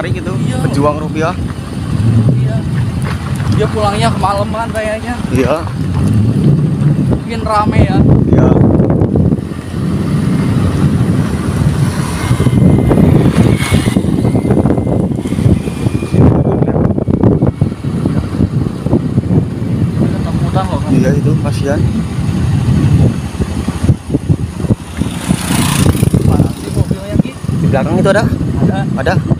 Lestari gitu, iya. pejuang rupiah. Iya. Dia pulangnya kemalaman kayaknya. Iya. Mungkin rame ya. Iya. Iya itu kasihan. Di belakang itu ada? Ada. Ada.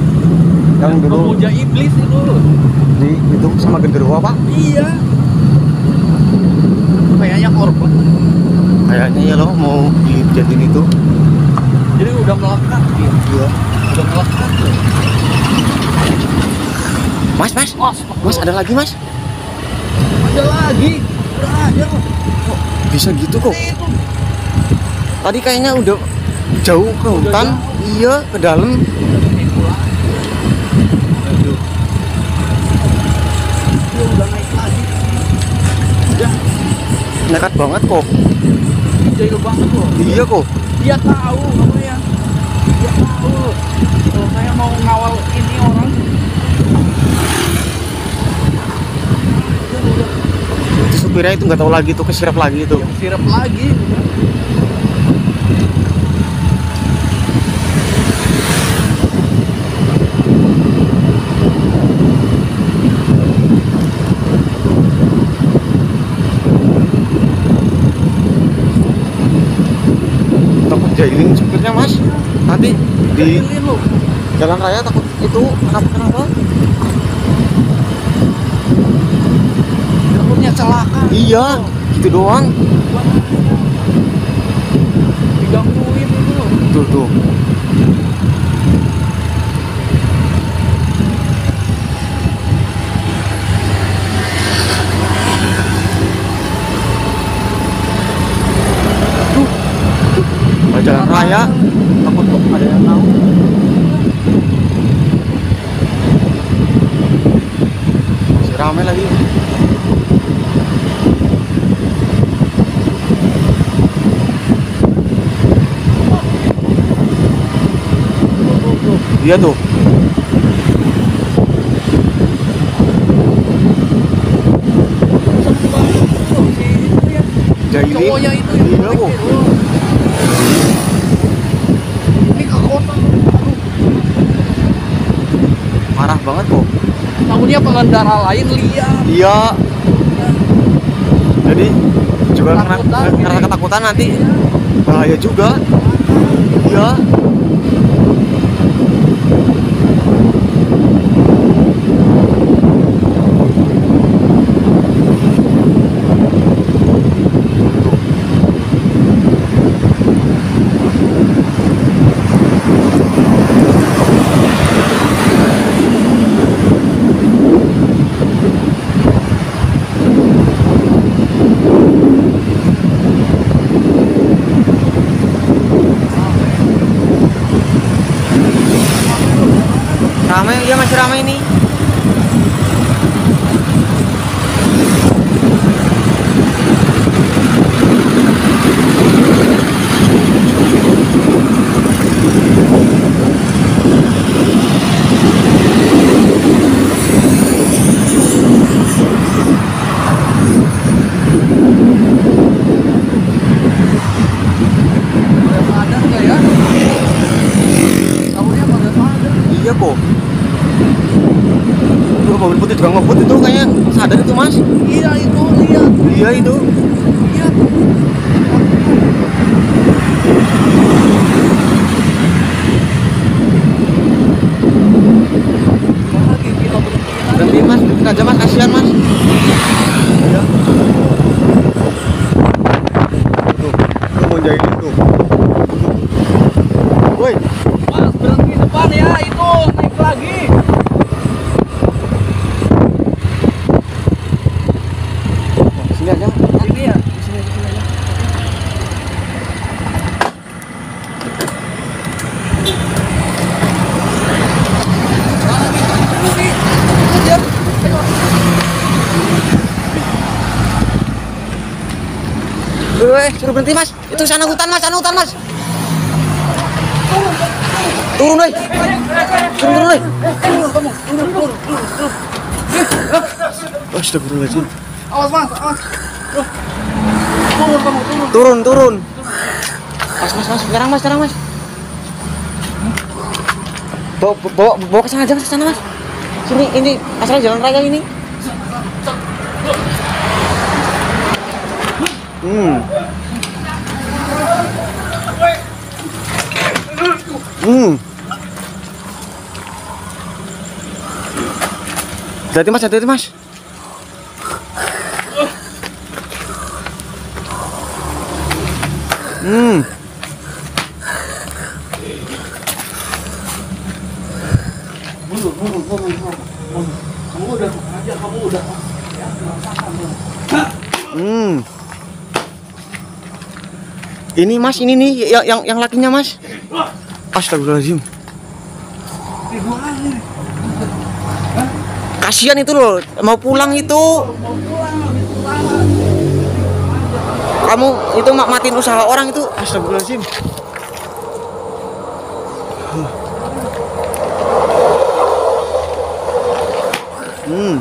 yang dulu pemuja iblis itu di itu sama genderuwo pak iya kayaknya korban kayaknya ya loh mau dijadiin itu jadi udah melekat gitu iya udah melekat ya. mas mas mas mas ada lagi mas ada lagi udah ada kok bisa gitu kok tadi kayaknya udah jauh ke hutan iya ke dalam nekat banget kok jago banget kok iya kok dia tahu apa ya dia tahu kalau saya mau ngawal ini orang supirnya itu nggak tahu lagi tuh kesirap lagi itu kesirap lagi takutnya mas nanti di jalan raya takut itu kenapa kenapa takutnya celaka iya gitu doang digangguin itu tuh tuh saya takut kok ada yang tahu masih ramai lagi iya dia tuh jadi Cowoknya itu yang iya, banget kok takutnya pengendara lain lihat iya jadi juga karena, karena ketakutan nanti bahaya juga iya yang ngebut itu kayak sadar itu mas iya itu lihat iya itu lihat aja mas kasihan mas iya tuh tuh jahit itu woi ya, itu eh suruh berhenti mas itu sana hutan mas sana hutan mas turun nih eh. turun turun eh. turun turun awas mas awas turun turun mas mas mas sekarang mas sekarang mas bawa bawa bawa sana aja mas sana, mas sini ini asal jalan raya ini hmm Hmm. Jadi mas, jadi mas. Hmm. hmm. Ini mas, ini nih yang yang, yang lakinya mas. Astagfirullahaladzim. Kasihan itu loh, mau pulang itu. Kamu itu mak matiin usaha orang itu. Astagfirullahaladzim. Hmm.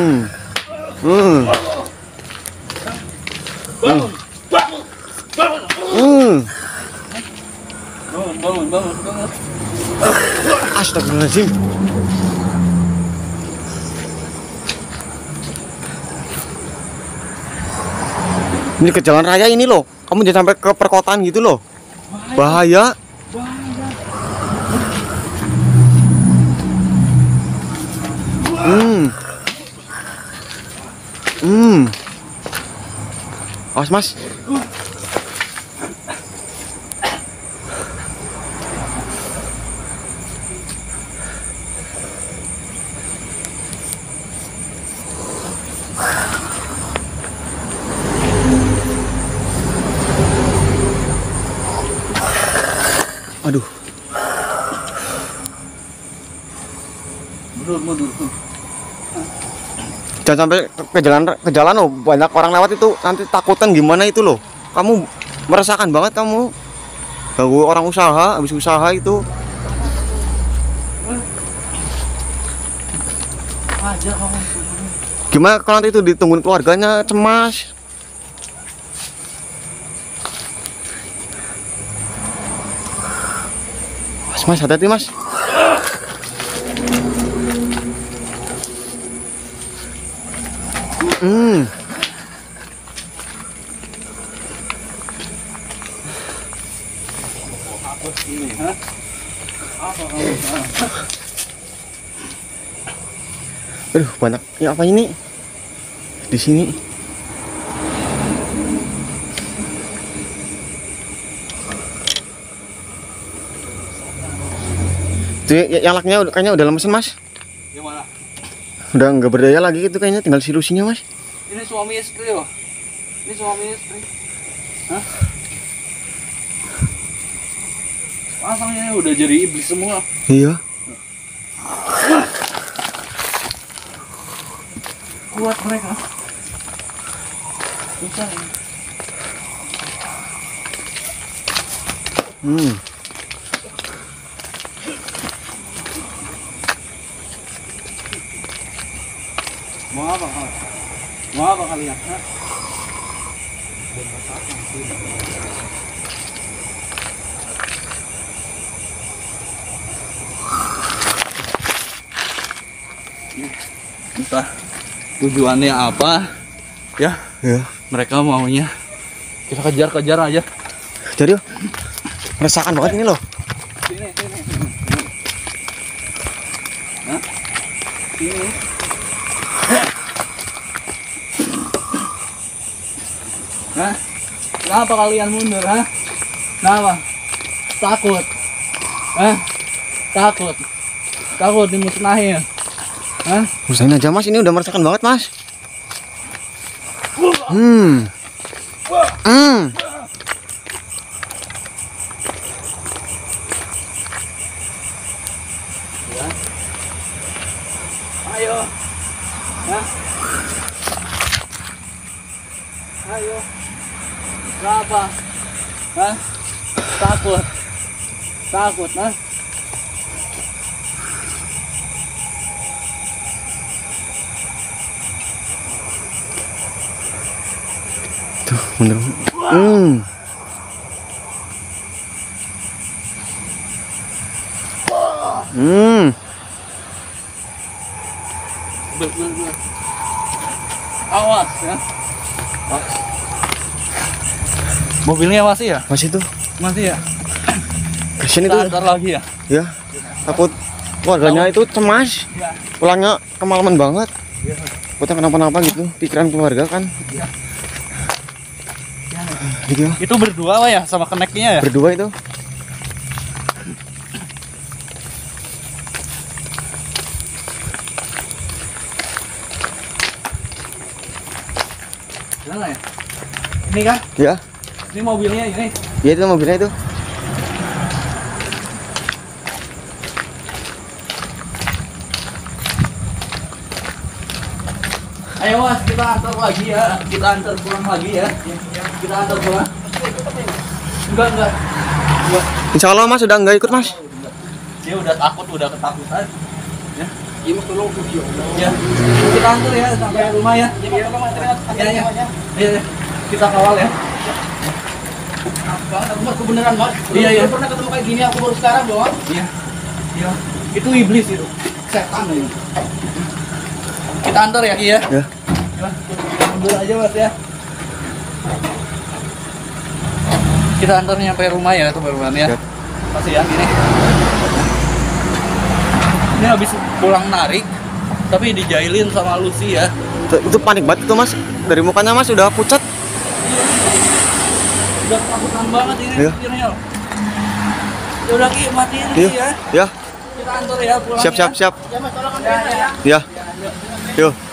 Hmm. Hmm. Bangun, bangun, bangun. Bangun, Astagfirullahaladzim. Ini ke jalan raya ini loh. Kamu jangan sampai ke perkotaan gitu loh. Bahaya. Bahaya. mas Mas. Aduh. Mundur, mundur, jangan sampai ke jalan ke jalan loh banyak orang lewat itu nanti takutan gimana itu loh kamu merasakan banget kamu ganggu orang usaha habis usaha itu gimana kalau nanti itu ditungguin keluarganya cemas mas mas hati-hati mas Mm. Aduh, banyak. Ini apa ini? Di sini. Tuh, yang ya, laknya kayaknya udah lemesin, Mas udah nggak berdaya lagi itu kayaknya tinggal silusinya mas ini suami istri loh ini suami istri Hah? pasangnya udah jadi iblis semua iya kuat mereka susah hmm muhabang muhabang kalian ya. ha entah tujuannya apa ya, ya. mereka maunya kita kejar-kejar aja jadi meresahkan banget ini loh sini sini Hmm. Hah? sini. Hah? Kenapa kalian mundur, ha? Kenapa? Takut. Hah? Takut. Takut dimusnahin. Hah? Musnahin aja, Mas. Ini udah merasakan banget, Mas. Hmm. Hmm. Ayo. Ayo. Kenapa? Hah? Takut. Takut, nah. Tuh, bener. Hmm. Hmm. Awas ya. Awas mobilnya masih ya masih tuh masih ya kesini tuh ntar lagi ya ya takut keluarganya itu cemas ya. pulangnya kemalaman banget ya. kenapa-napa gitu pikiran keluarga kan Iya. gitu itu berdua lah ya sama keneknya ya berdua itu ya? Ini kah? Ya. Ini mobilnya ini. ya itu mobilnya itu. Ayo mas, kita antar lagi ya. Kita antar pulang lagi ya. Kita antar pulang. Enggak enggak. Insya Allah mas sudah enggak ikut mas. Dia udah takut, udah ketakutan. Ya. Ini iya, tolong video. Ya. ya. Kita antar ya sampai rumah ya. Iya, ya, ya. iya. Kita kawal ya. Bang, aku masuk beneran, Bang. Iya, iya. Pernah ketemu kayak gini, aku baru sekarang, Bang. Iya. Iya. Itu iblis itu. Setan ini. Ya. Kita antar ya, Ki ya. Iya. iya. Mundur aja, Mas ya. Kita antar nyampe rumah ya, tuh baruan ya. Iya. Masih ya, gini. Ini habis pulang narik, tapi dijailin sama Lucy ya. Itu, itu panik banget itu, Mas. Dari mukanya Mas udah pucat udah takutan banget ini ya. Ya udah Ki, matiin iya. ya. ya. Kita antar ya Siap, ya. siap, siap. Ya, Mas, tolong ya. ya. ya. Yuk.